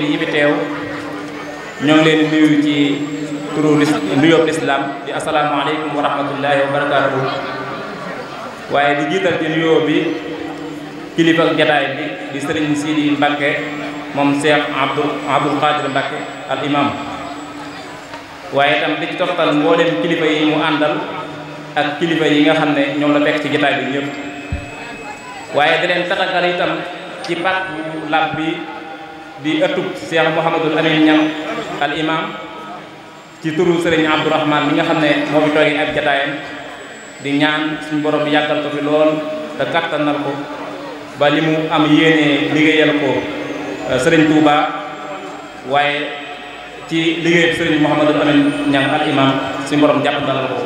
jigéen yi fi ñoo leen di nuyu ci turu nuyoob lislaam di asalaamaaleykum wa rahmatullahi wa barakaatuhu waaye di jiital ci nuyoo bi kilifa jataay bi di sëriñ Sidi Mbacke moom Cheikh Abdou Abdoul Qadir Mbacke al imam waaye itam di ci toftal mboolem kilifa yi mu àndal ak kilifa yi nga xam ne ñoom la fekk ci jataay bi ñëpp waaye di leen taxagal itam ci pat lab bi di ëttub Cheikh Mouhamadul Amin Niang al imam ci turu Serigne Abdourahmane mi nga xam ne moo fi toogee ak jataayam di ñaan suñu borom bi yàggal ko fi lool te kattanal ko ba li mu am yéene liggéeyal ko euh, Serigne Touba waaye ci liggéey Serigne Mouhamadul Amin Niang al imam suñu borom jàppandalal ko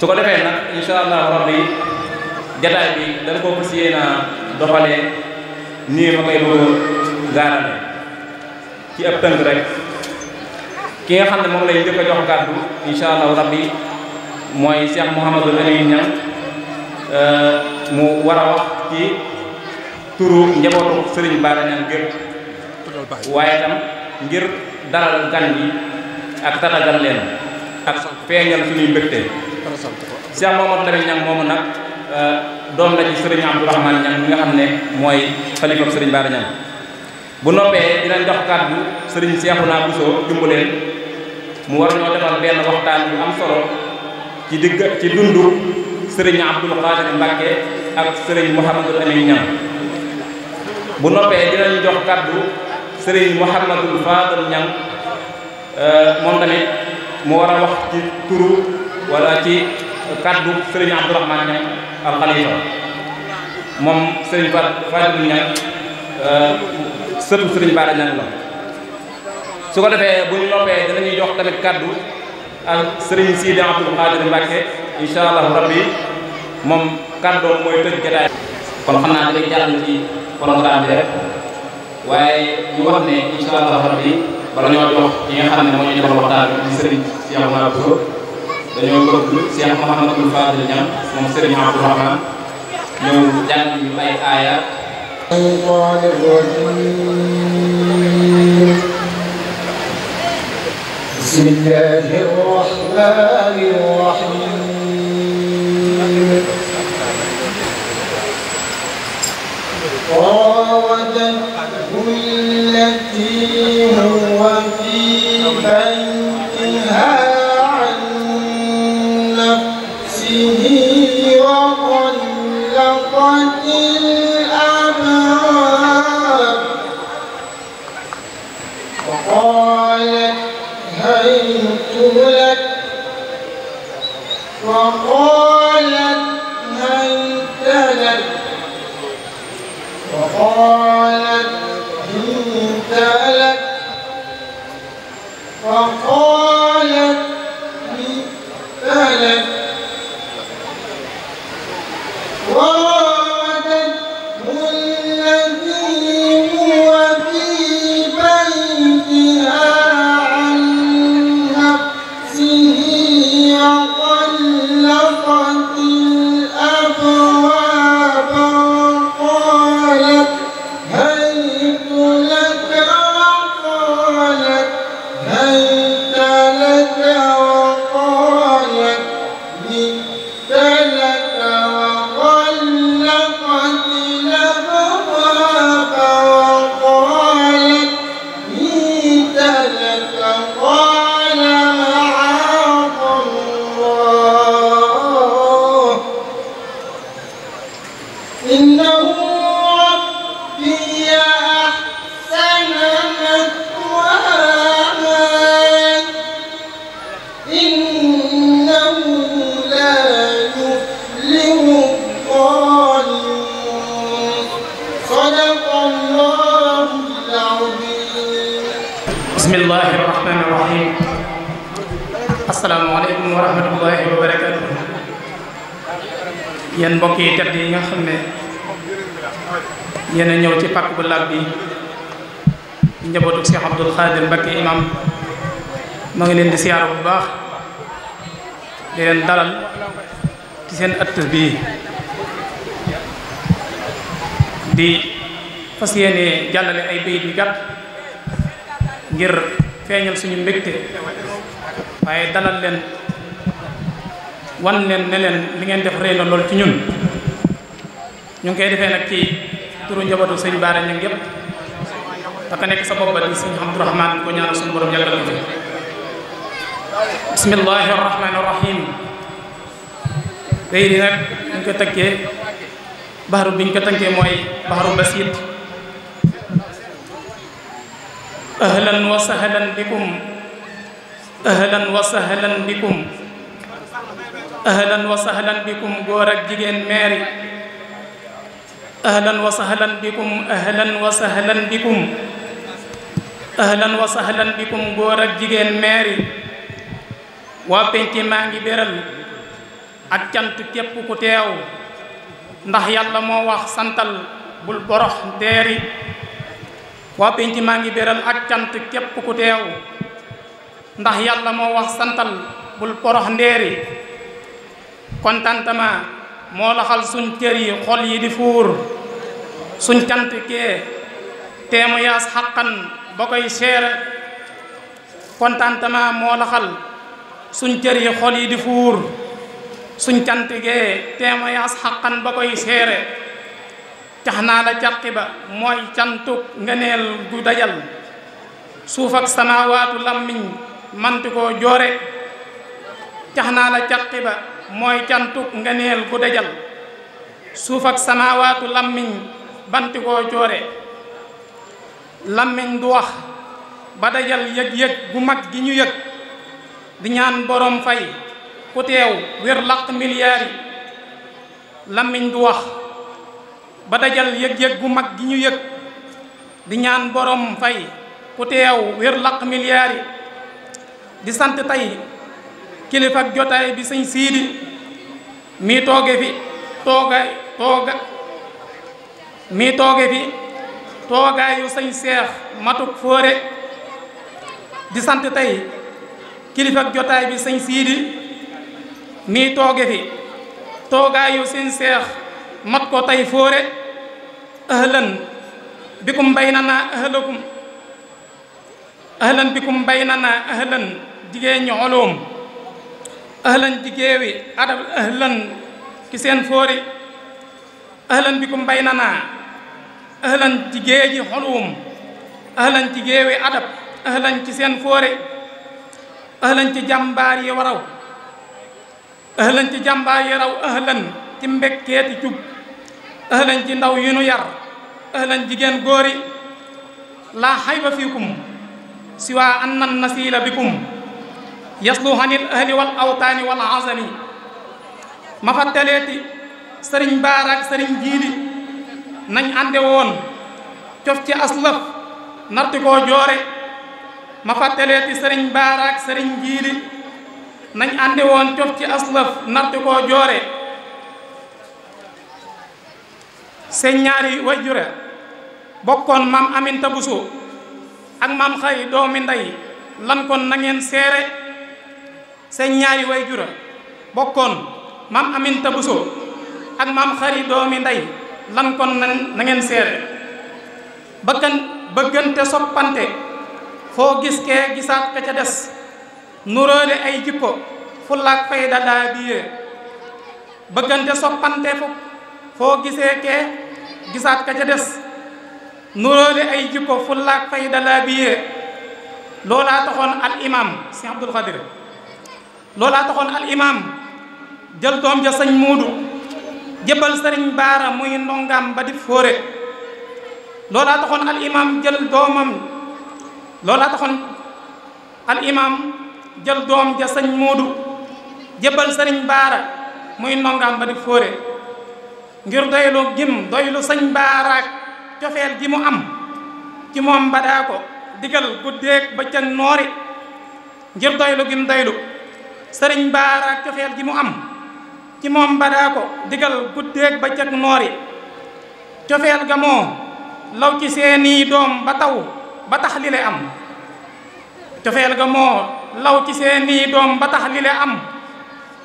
su ko defee nag incha allah rabbi jataay bi dañ ko fas yéene doxalee nii ma koy bëggoon. gaarale ci ab tënk rek ki nga xam ne moom lay njëkk a jox kàddu incha allahu rabi mooy Cheikh Mouhamadou Lamine Niang euh, mu war a wax ci turu njabootu Serigne Bara Niang waaye tam ngir dalal gan bi ak tatagal leen ak feeñal suñuy mbégte Cheikh Mouhamadou Lamine moomu nag euh, doom la ci Serigne Abdourahmane Niang mi nga xam ne mooy xalifa sëriñ Bara Niang bu noppee dinañ jox kàddu sëriñ Seexuna Buso jumbuleen mu war ñoo defal benn waxtaan bu am solo ci digg ci dundu sëriñ Abdul Xaadir Mbàkke ak sëriñ Mouhamadou Amin Ñam bu noppee dinañ jox kàddu sëriñ Mouhamadou Fadal Ñam euh, moom tamit mu war a wax ci turu wala ci kàddu sëriñ Abdourahmane Ñam al moom sëriñ Fadal Ñam sëtu sëriñ Bara Niang la su ko defee bu ñu noppee dinañuy jox tamit kaddu ak sëriñ Sidi Abdou Khadir Mbacke incha allahu rabbi moom kaddoom mooy tëj jotaay kon xam naa dinañ jàll ci programme bi rek waaye ñu wax ne incha allahu aaya الرجيم بسم الله الرحمن الرحيم راودته التي وقالت هيت لك وقالت bismillaahi rahmaani rahiim assalaamu aleykum wa rahmatullaahi wa barakaatuh yéen mbokk yi tedd yi nga xam ne yéen ñëw ci pàkk bu lab bi njabootu Cheikh Abdoul Khadir Mbacké imam ma ngi leen di siyaara bu baax di dalal ci seen ëtt bii di fas yéene jàllale ay bayit yu gàtt ngir feeñal suñu mbégte waaye dalal leen wan leen ne leen li ngeen def rëy na lool ci ñun ñu ngi koy defee nag ci turu njabootu sëñ Baara ñu ngi yëpp te ka nekk sa bopp ba di sëñ Abdou Rahman ko ñaanal suñu borom yàggal ko fi bismillahi rahmaani rahim léegi nag ñu ko tënkee baxaru bi ñu ko tënkee mooy baxaru basit ahlan wa sahlan bikum ahlan wa sahlan bikum ahlan wa sahlan bikum góor ak jigéen maire ahlan wa sahlan bikum ahlan wa sahlan bikum góor ak jigéen maire yi waa penc maa ngi béral ak cant képp ku teew ndax yàlla moo wax santal bul borox ndeeri waa penc maa ngi béral ak cant képp ku teew ndax yàlla moo wax santal bul borox ndeeri contentement moo laxal suñ cër yi xol yi di fuur suñ cant kee teemu yaas xaqan ba koy seere contentement moo laxal suñ cër yi xol yi di fuur suñ cant gee teemu yaas xaqan ba koy seere cax naa la caqi ba mooy cantuk ngeneel gu dajal suuf ak lamiñ lammiñ koo joore cax naa la caqi ba mooy cantuk ngeneel gu dajal suuf ak samaawaatu làmmiñ banti koo joore làmmiñ du wax ba dajal yëg-yëg gu mag gi ñu yëg di ñaan borom fay ku teew wér laq miliyaari làmmiñ du wax ba dajal yëg-yëg gu mag gi ñu yëg di ñaan borom fay ku teew wér laq miliyaari di sant tey kilifa jotaay bi sañ siidi mii tooge fi toogaay tooge fi toogaayu sëñ seex matuk fóore di sant tey kilifa jotaay bi sëñ siidi mii tooge fi toogaayu sëñ seex mat ko tey fóore ahlan bikum bay na naa ahlakum ahlan bikum bay na naa ahlan jigéen ñi ahlan ci géewi adab ahlan ci seen foori ahlan bikum baynana ahlan ci géeji xolwum ahlan ci géewi adab ahlan ci seen foori ahlan ci jàmbaar yi waraw ahlan ci jàmbaar yi raw ahlan ci mbekkeeti jub ahlan ci ndaw yu nu yar ahlan jigéen góori laa xayba fiikum siwaa annan nasiila bikum yaslu hanil ahli wal awtaani wal azami ma fa teleeti sëriñ baara ak sëriñ jiili nañ ànde woon cof ci aslaf narti koo joore ma teleeti sëriñ baara sëriñ jiili nañ ànde woon cof ci aslaf narti koo joore seen ñaari wajjure bokkoon maam aminta buso ak maam xari doomi ndey lan kon na seere seen ñaari way jura bokkoon maam Aminta Bousso ak maam xari doomi ndey lan kon nan na ngeen seere bëggante soppante foo gis kee gisaat ka ca des nuróole ay jikko fullaak fayda daa bëggante soppante fu foo gisee kee gisaat ka ca des nuróole ay jikko fullaak fayda daa biyee loolaa taxoon al imam si Abdul Xadir loolaa taxoon al imaam jël doom ja sëñ muudu jëbal sëriñ baara muy ndongaam ba di fóore loolaa taxoon al imaam jël ja sëñ muudu jëbal sëriñ baara muy ndongaam ba di fóore ngir doylu gim doylu sëñ baaraak cofeel gi mu am ci moom badaa ko digal guddeeg bëccëg noori ngir doylu gim doylu sëriñ baara cofeel gi mu am ci moom badaa ko digal guddeeg ba cëg noori cofeel ga moo law ci seeni doom ba taw ba tax li am cofeel ga moo law ci seeni doom ba tax li am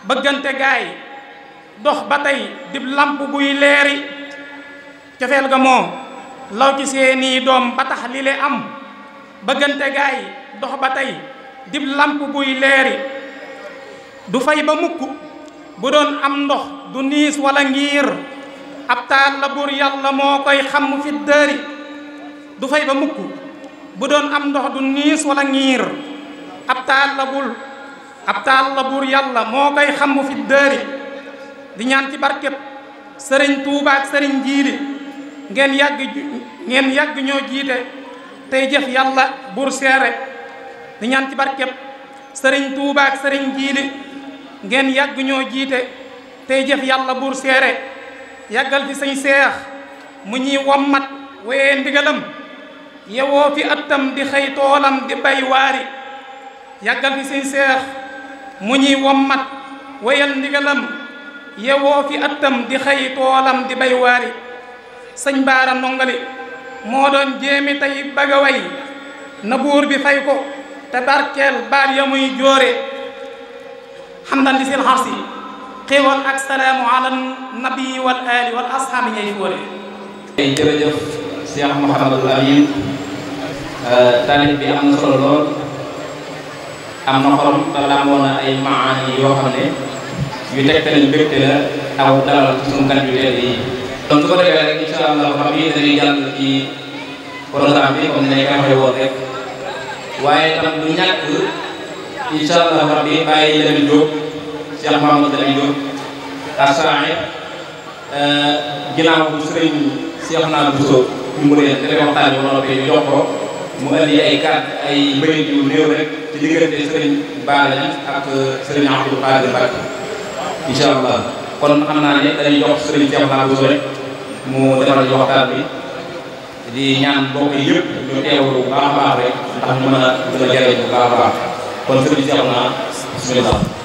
bëggante gaay dox ba tey dib lamp buy leeri cofeel ga moo law ci seeni doom ba tax li am bëggante gaay dox ba tey dib lamp buy leeri du fay ba mukk bu doon am ndox du niis wala ngir ab taal la buur yàlla moo koy xam fi du fay ba mukk bu doon am ndox du niis wala ngir ab taal la bul buur yàlla moo koy xam fi dëri di ñaan ci barkeb sëriñ Tuuba ak sëriñ Jiili ngeen yàgg ñoo jiite tey jëf yàlla buur seere di ñaan ci barkeb sëriñ Tuuba sëriñ Jiili ngeen yàgg ñoo jiite tey jëf yàlla buur seere yàggal fi sëñ seex mu ñuy wommat weye ndigalam yewoo fi attam di xëy toolam di bay waari yàggal fi sëñ seex mu ñuy wommat weyal ndigalam yewoo fi attam di xëy toolam di bay waari sëñ baara ndongali moo doon jéemi tey bagaway na buur bi fay ko te barkeel baat ya muy jóore xamdan li seen xarsi xéewal ak salaamu ala nabi wal ali wal ashaabi ñay wóore ay jërëjëf Cheikh Mouhamadul Amin euh, taalif bi am na solo lool am na xorom te làmboo na ay maani yoo xam ne yu tegtale mbégte la aw dalal ci sunu gan yu tedd yi donc su ko defee rek incha allah xam yi dañuy jàll ci programme bi comme ni ñu koy waxee woon rek waaye tam du ñàkk incha allah rabbi bàyyi Lamine Diop Cheikh Mamadou Lamine Diop asaaye ginnaaw bu sëriñ Cheikh naa Bousso ñu mën a def waxtaan mu indi ay kàddu ay mbéyum yu néew rek ci diggante sëriñ Baara ak sëriñ Abdou Khadir allah kon xam naa ne dañuy jox sëriñ Cheikh naa Bousso rek mu defaral ñu waxtaan ñu teewlu baax baax rek ndax ñu mën a gën a jëriñ baax baax. kon sëriñ bi jeexal naa bismillah